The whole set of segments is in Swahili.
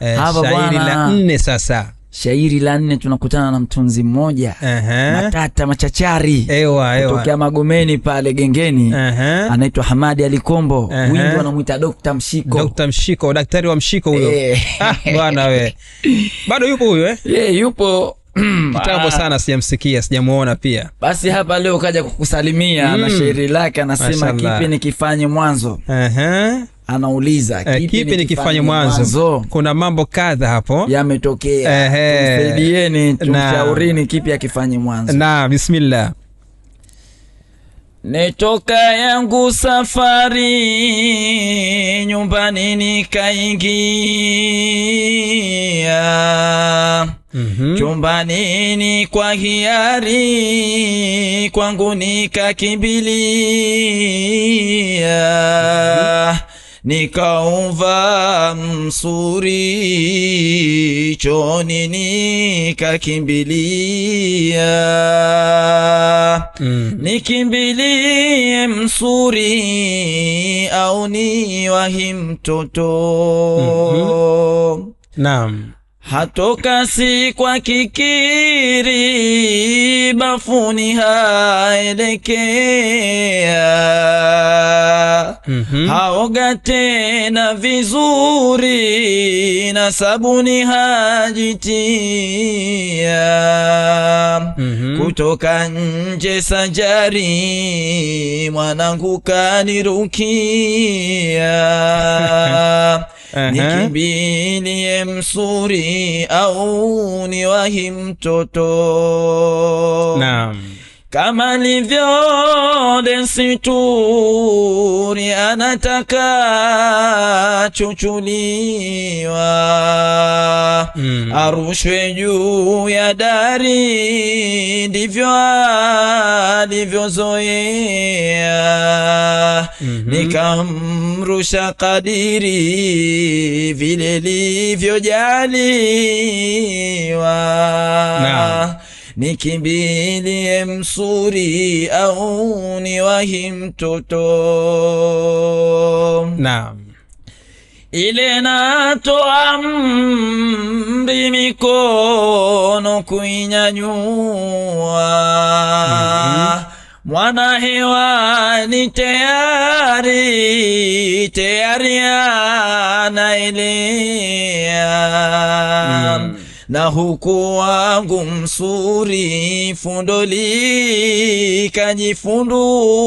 eh, shairi la nne sasa shairi la nne tunakutana na mtunzi mmoja uh -huh. Matata machachari kutokea Magomeni pale gengeni uh -huh. Anaitwa Hamadi Alikombo uh -huh. Wingi anamwita Dokta Mshiko, Dokta Mshiko, daktari wa mshiko huyo eh. Ah, bwana we bado yupo huyo eh? Yeah, yupo kitambo ah. sana sijamsikia sijamuona pia. Basi hapa leo kaja kukusalimia mm. na shairi lake anasema, kipi nikifanye mwanzo uh -huh anauliza kipi, eh, kipi nikifanye mwanzo? Kuna mambo kadha hapo yametokea, tusaidieni, tumshaurini kipi akifanye mwanzo. Na bismillah Netoka yangu safari, nyumbani nikaingia Mm -hmm. Chumbani ni kwa hiari kwangu nikakimbilia. mm -hmm nikaumva msuri, choni nikakimbilia mm. Nikimbilie msuri au wahi mtoto mm -hmm. Naam. Hatoka si kwa kikiri, bafuni haelekea. mm -hmm. Haoga tena vizuri, na sabuni hajitia. mm -hmm. Kutoka nje sanjari, mwanangu kanirukia nikibilie msuri au wahi mtoto. Naam kama livyo desturi, anataka chuchuliwa mm. arushwe juu ya dari, ndivyo alivyozoea mhm. nikamrusha kadiri vile livyojaliwa nikimbilie msuri au niwahi mtoto. Naam. Ile nato amri mikono kuinyanyua, mm -hmm. Mwana hewani tayari tayari anaelea, mm na huku wangu msuri fundoli kajifundua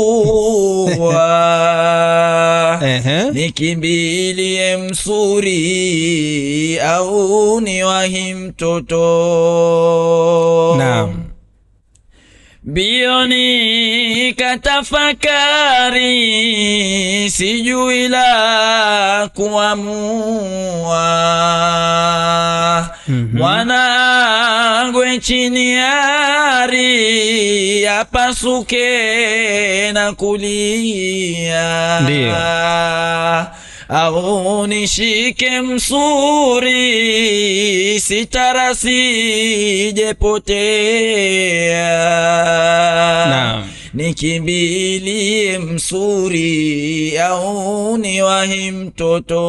nikimbilie msuri au ni wahi mtoto. Naam bioni katafakari, sijui la kuamua mhm. mwanangu, mm -hmm. chini ari apasuke na kulia Ndiyo au nishike msuri, sitara sijepotea nikimbilie msuri au ni wahi mtoto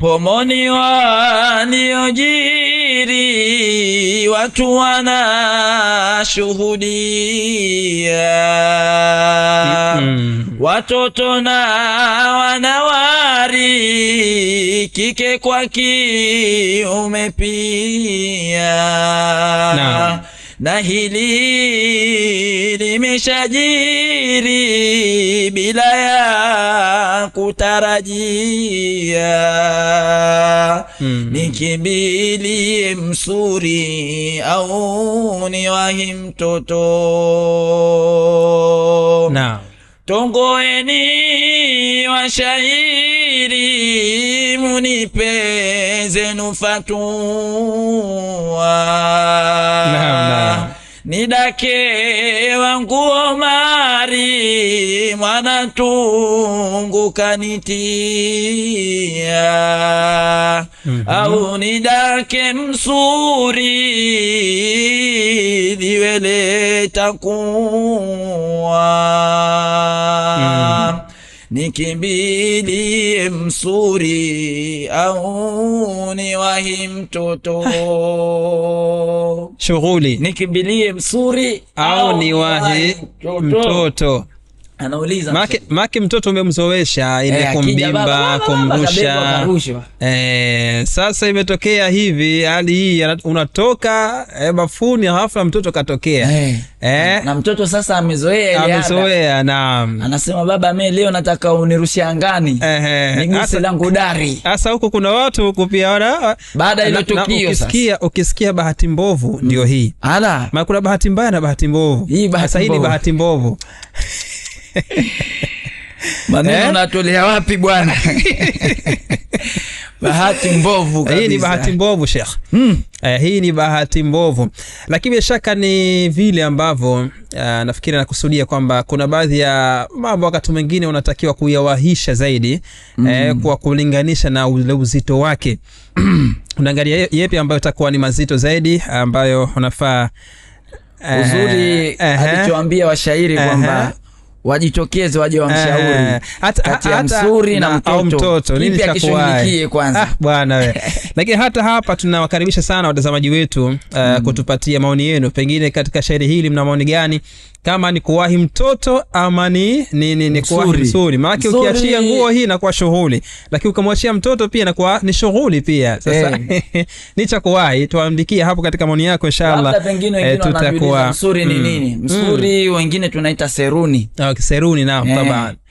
pomoni waniojii siri, watu wanashuhudia mm -mm. watoto na wanawari, kike kwa kiume pia na hili limeshajiri bila ya kutarajia mm. Nikimbilie msuri au niwahi mtoto na Tongoeni washairi munipe zenu fatua Nidake wangu Omari, mwana tungu kanitia mm -hmm. Au nidake msuri liwele takuwa mm -hmm nikimbilie msuri au niwahi mtoto shughuli, nikimbilie msuri au niwahi mtoto Anauliza make, make mtoto umemzoesha ile eh, kumbimba kumrusha eh. Sasa imetokea hivi hali hii, unatoka eh, bafuni na mtoto katokea hey. Eh, eh, na mtoto sasa amezoea ile amezoea, na anasema baba, mimi leo nataka unirushia angani eh, niguse langu dari. Sasa huko kuna watu huko pia wana baada ile tukio. Ukisikia ukisikia bahati mbovu ndio hii, ala, maana kuna bahati mbaya na bahati mbovu. Hii bahati mbovu, sasa hii ni bahati mbovu maneno eh? natolea wapi bwana? bahati mbovu kabisa. Hii ni bahati mbovu Sheikh. Mm. Uh, hii ni bahati mbovu, lakini bila shaka ni vile ambavyo uh, nafikiri nakusudia kwamba kuna baadhi ya mambo wakati mwingine unatakiwa kuyawahisha zaidi mm. Eh, kwa kulinganisha na ule uzito wake unaangalia yepi ambayo itakuwa ni mazito zaidi ambayo unafaa uzuri uh, alichoambia washairi kwamba wajitokeze waje wamshauri eh, kati ya msuri na mtoto, mtoto. Kipi akishughulikie kwanza ah, bwana wewe. Lakini hata hapa tunawakaribisha sana watazamaji wetu uh, mm. kutupatia maoni yenu, pengine katika shairi hili mna maoni gani, kama ni kuwahi mtoto ama ni ni, ni, ni kuwahi msuri. Maana ukiachia nguo hii inakuwa shughuli, lakini ukamwachia mtoto pia inakuwa ni shughuli pia. Sasa hey. Eh. ni cha kuwahi, tuandikie hapo katika maoni yako inshallah. pengine wengine eh, tutakuwa mzuri ni mm. nini? mzuri mm. wengine tunaita seruni okay. Ah, سيروني نعم إيه. طبعا